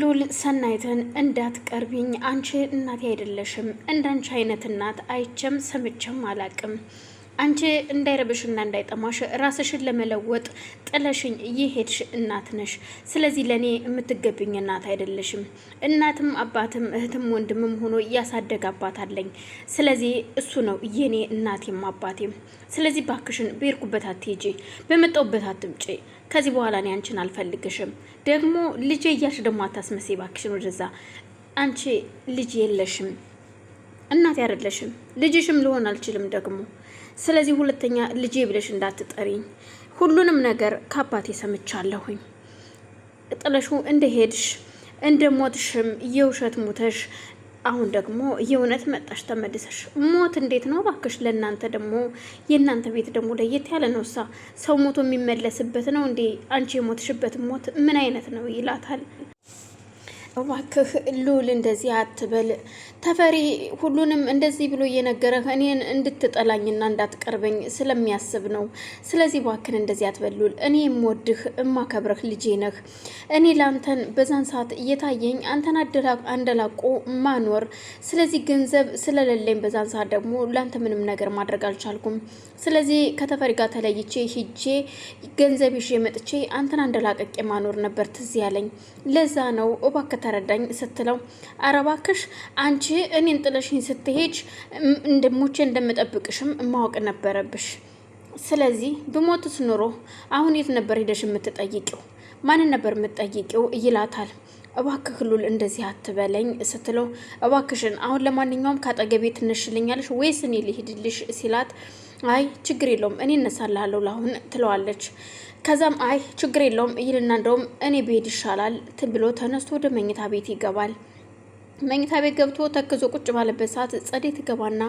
ሉል ሰናይትን እንዳትቀርቢኝ አንቺ እናቴ አይደለሽም እንዳንቺ አይነት እናት አይቼም ሰምቼም አላቅም አንቺ እንዳይረብሽና እንዳይጠማሽ ራስሽን ለመለወጥ ጥለሽኝ እየሄድሽ እናት ነሽ። ስለዚህ ለእኔ የምትገብኝ እናት አይደለሽም። እናትም አባትም እህትም ወንድምም ሆኖ እያሳደገ አባት አለኝ። ስለዚህ እሱ ነው የኔ እናቴም አባቴም። ስለዚህ ባክሽን በሄድኩበት አትሄጂ፣ በመጣሁበት አትምጪ። ከዚህ በኋላ እኔ አንቺን አልፈልግሽም። ደግሞ ልጄ እያልሽ ደግሞ አታስመሴ ባክሽን። ወደዛ አንቺ ልጅ የለሽም እናቴ አይደለሽም፣ ልጅሽም ልሆን አልችልም ደግሞ። ስለዚህ ሁለተኛ ልጄ ብለሽ እንዳትጠሪኝ። ሁሉንም ነገር ከአባቴ ሰምቻለሁኝ። ጥለሹ እንደሄድሽ እንደሞትሽም የውሸት ሞተሽ አሁን ደግሞ የእውነት መጣሽ ተመልሰሽ። ሞት እንዴት ነው እባክሽ? ለእናንተ ደግሞ የእናንተ ቤት ደግሞ ለየት ያለ ነው። እሳ ሰው ሞቶ የሚመለስበት ነው እንዴ? አንቺ የሞትሽበት ሞት ምን አይነት ነው? ይላታል። እባክህ ልዑል እንደዚህ አትበል፣ ተፈሪ ሁሉንም እንደዚህ ብሎ እየነገረህ እኔን እንድትጠላኝና እንዳትቀርበኝ ስለሚያስብ ነው። ስለዚህ ባክን እንደዚህ አትበሉል። እኔ የምወድህ እማከብረህ ልጄ ነህ። እኔ ለአንተን በዛን ሰዓት እየታየኝ አንተን አንደላቆ ማኖር። ስለዚህ ገንዘብ ስለሌለኝ በዛን ሰዓት ደግሞ ለአንተ ምንም ነገር ማድረግ አልቻልኩም። ስለዚህ ከተፈሪ ጋር ተለይቼ ሂጄ ገንዘብ ይዤ መጥቼ አንተን አንደላቀቄ ማኖር ነበር ትዝ ያለኝ። ለዛ ነው እባክህ ተረዳኝ ስትለው አረባክሽ አንቺ እኔን ጥለሽኝ ስትሄጅ እንደሞቼ እንደምጠብቅሽም ማወቅ ነበረብሽ። ስለዚህ ብሞትስ ኑሮ አሁን የት ነበር ሄደሽ የምትጠይቂው? ማንን ነበር የምትጠይቂው? ይላታል። እባክህ ሉል እንደዚህ አትበለኝ ስትለው እባክሽን አሁን ለማንኛውም ካጠገቤ ትነሽልኛለሽ ወይስ እኔ ልሂድልሽ ሲላት አይ ችግር የለውም እኔ እነሳልሃለሁ ለአሁን ትለዋለች። ከዛም አይ ችግር የለውም ይልና እንደውም እኔ ብሄድ ይሻላል ብሎ ተነስቶ ወደ መኝታ ቤት ይገባል። መኝታ ቤት ገብቶ ተክዞ ቁጭ ባለበት ሰዓት ጸደይ ትገባና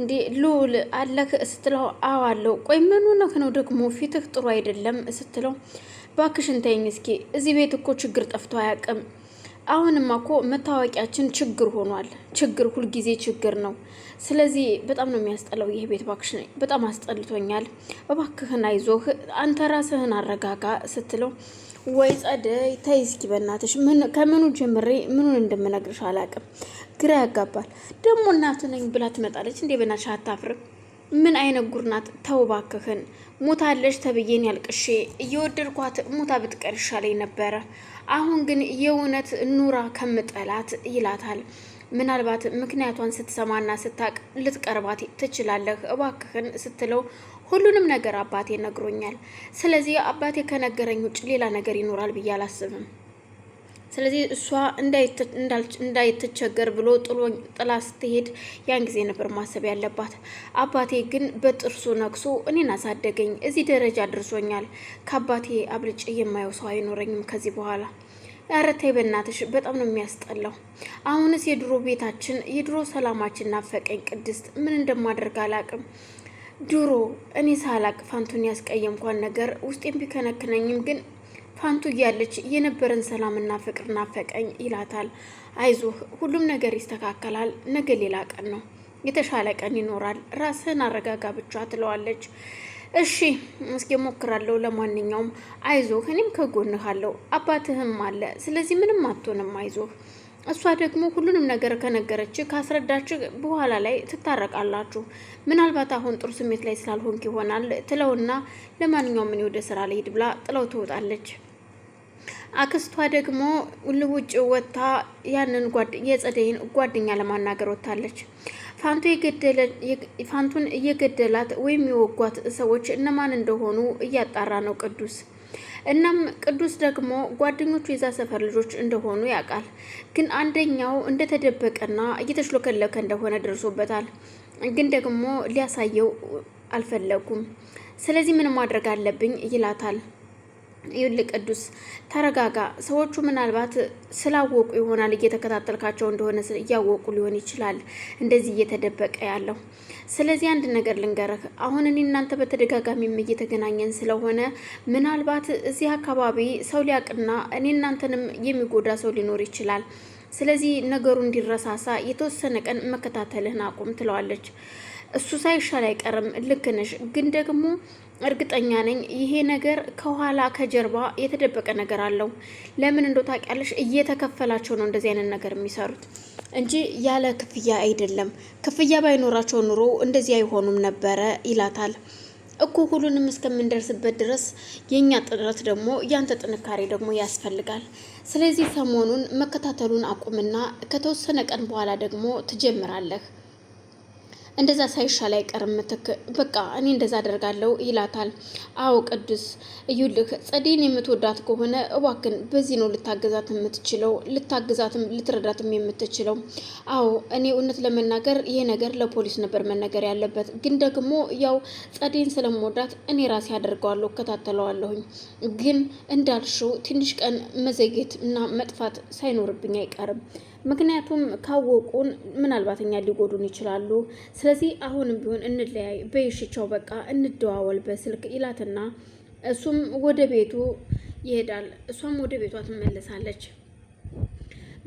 እንዴ ልውል አለህ ስትለው አዎ አለው። ቆይ ምን ሆነህ ነው ደግሞ ፊትህ ጥሩ አይደለም ስትለው እባክሽን ተይኝ እስኪ እዚህ ቤት እኮ ችግር ጠፍቶ አያውቅም አሁንማ እኮ መታወቂያችን ችግር ሆኗል። ችግር ሁልጊዜ ችግር ነው። ስለዚህ በጣም ነው የሚያስጠላው ይህ ቤት ባክሽ፣ በጣም አስጠልቶኛል። እባክህን አይዞህ፣ አንተ ራስህን አረጋጋ ስትለው ወይ ጸደይ ተይ እስኪ በእናትሽ፣ ከምኑ ጀምሬ ምኑን እንደምነግርሽ አላቅም። ግራ ያጋባል ደግሞ። እናትህ ነኝ ብላ ትመጣለች እንዴ! በእናትሽ አታፍርም? ምን አይነት ጉርናት ተውባክህን ሙታለች ተብዬን ያልቅሼ እየወደድኳት ሙታ ብትቀር ይሻለኝ ነበረ። አሁን ግን የእውነት ኑራ ከምጠላት ይላታል። ምናልባት ምክንያቷን ስትሰማና ስታቅ ልትቀርባት ትችላለህ እባክህን ስትለው ሁሉንም ነገር አባቴ ነግሮኛል። ስለዚህ አባቴ ከነገረኝ ውጭ ሌላ ነገር ይኖራል ብዬ አላስብም። ስለዚህ እሷ እንዳይተቸገር ብሎ ጥላ ስትሄድ ያን ጊዜ ነበር ማሰብ ያለባት። አባቴ ግን በጥርሱ ነክሶ እኔን አሳደገኝ፣ እዚህ ደረጃ ድርሶኛል ከአባቴ አብልጭ የማየው ሰው አይኖረኝም ከዚህ በኋላ። ኧረ ተይ በእናትሽ፣ በጣም ነው የሚያስጠላው። አሁንስ የድሮ ቤታችን የድሮ ሰላማችን ናፈቀኝ። ቅድስት ምን እንደማደርግ አላቅም። ድሮ እኔ ሳላቅ ፋንቱን ያስቀየምኳን ነገር ውስጤም ቢከነክነኝም ግን ፋንቱ እያለች የነበረን ሰላምና ፍቅር ናፈቀኝ ይላታል። አይዞህ ሁሉም ነገር ይስተካከላል፣ ነገ ሌላ ቀን ነው፣ የተሻለ ቀን ይኖራል፣ ራስህን አረጋጋ ብቻ ትለዋለች። እሺ እስኪ ሞክራለሁ ለማንኛውም አይዞህ፣ እኔም ከጎንህ አለው አባትህም አለ። ስለዚህ ምንም አትሆንም፣ አይዞህ። እሷ ደግሞ ሁሉንም ነገር ከነገረች ካስረዳች በኋላ ላይ ትታረቃላችሁ። ምናልባት አሁን ጥሩ ስሜት ላይ ስላልሆንክ ይሆናል ትለውና ለማንኛውም እኔ ወደ ስራ ልሂድ ብላ ጥለው ትወጣለች። አክስቷ ደግሞ ውጭ ወጥታ ያንን የጸደይን ጓደኛ ለማናገር ወጥታለች። ፋንቱን እየገደላት ወይም የወጓት ሰዎች እነማን እንደሆኑ እያጣራ ነው ቅዱስ። እናም ቅዱስ ደግሞ ጓደኞቹ የዛ ሰፈር ልጆች እንደሆኑ ያውቃል። ግን አንደኛው እንደተደበቀና እየተሽሎከለከ እንደሆነ ደርሶበታል። ግን ደግሞ ሊያሳየው አልፈለጉም። ስለዚህ ምን ማድረግ አለብኝ ይላታል። ይል ቅዱስ ተረጋጋ። ሰዎቹ ምናልባት ስላወቁ ይሆናል እየተከታተልካቸው እንደሆነ እያወቁ ሊሆን ይችላል እንደዚህ እየተደበቀ ያለው። ስለዚህ አንድ ነገር ልንገርህ። አሁን እኔ እናንተ በተደጋጋሚም እየተገናኘን ስለሆነ ምናልባት እዚህ አካባቢ ሰው ሊያቅና እኔ እናንተንም የሚጎዳ ሰው ሊኖር ይችላል። ስለዚህ ነገሩ እንዲረሳሳ የተወሰነ ቀን መከታተልህን አቁም ትለዋለች። እሱ ሳይሻል አይቀርም። ልክ ነሽ። ግን ደግሞ እርግጠኛ ነኝ ይሄ ነገር ከኋላ ከጀርባ የተደበቀ ነገር አለው። ለምን እንደው ታውቂያለሽ፣ እየተከፈላቸው ነው እንደዚህ አይነት ነገር የሚሰሩት እንጂ ያለ ክፍያ አይደለም። ክፍያ ባይኖራቸው ኑሮ እንደዚህ አይሆኑም ነበረ ይላታል እኮ ሁሉንም እስከምንደርስበት ድረስ የእኛ ጥረት ደግሞ ያንተ ጥንካሬ ደግሞ ያስፈልጋል። ስለዚህ ሰሞኑን መከታተሉን አቁምና ከተወሰነ ቀን በኋላ ደግሞ ትጀምራለህ። እንደዛ ሳይሻል አይቀርም ምትክ በቃ እኔ እንደዛ አደርጋለሁ ይላታል። አዎ ቅዱስ እዩልህ ጸዴን የምትወዳት ከሆነ እባክን በዚህ ነው ልታገዛት የምትችለው ልታገዛትም ልትረዳትም የምትችለው። አዎ እኔ እውነት ለመናገር ይሄ ነገር ለፖሊስ ነበር መነገር ያለበት፣ ግን ደግሞ ያው ጸዴን ስለምወዳት እኔ ራሴ አደርገዋለሁ እከታተለዋለሁኝ። ግን እንዳልሽው ትንሽ ቀን መዘግየት እና መጥፋት ሳይኖርብኝ አይቀርም። ምክንያቱም ካወቁን ምናልባት እኛ ሊጎዱን ይችላሉ። ስለዚህ አሁንም ቢሆን እንለያይ በይሽቸው በቃ እንደዋወል በስልክ ይላትና እሱም ወደ ቤቱ ይሄዳል። እሷም ወደ ቤቷ ትመለሳለች።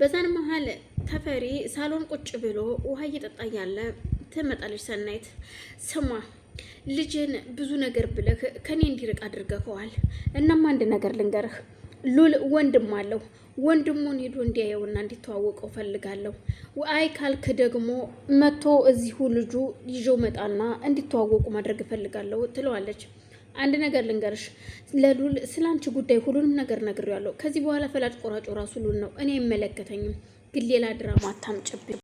በዛን መሀል ተፈሪ ሳሎን ቁጭ ብሎ ውሃ እየጠጣ ያለ ትመጣለች። ሰናይት ስማ ልጅን ብዙ ነገር ብለህ ከኔ እንዲርቅ አድርገኸዋል። እናም አንድ ነገር ልንገርህ ሉል ወንድም አለው ወንድሙን ሄዶ እንዲያየውና እንዲተዋወቀው ፈልጋለሁ። አይ ካልክ ደግሞ መጥቶ እዚሁ ልጁ ይዞ መጣና እንዲተዋወቁ ማድረግ እፈልጋለሁ ትለዋለች። አንድ ነገር ልንገርሽ፣ ለሉል ስለ አንቺ ጉዳይ ሁሉንም ነገር ነግሬዋለሁ። ከዚህ በኋላ ፈላጭ ቆራጮ ራሱ ሉል ነው፣ እኔ አይመለከተኝም። ግን ሌላ ድራማ አታምጭብኝ።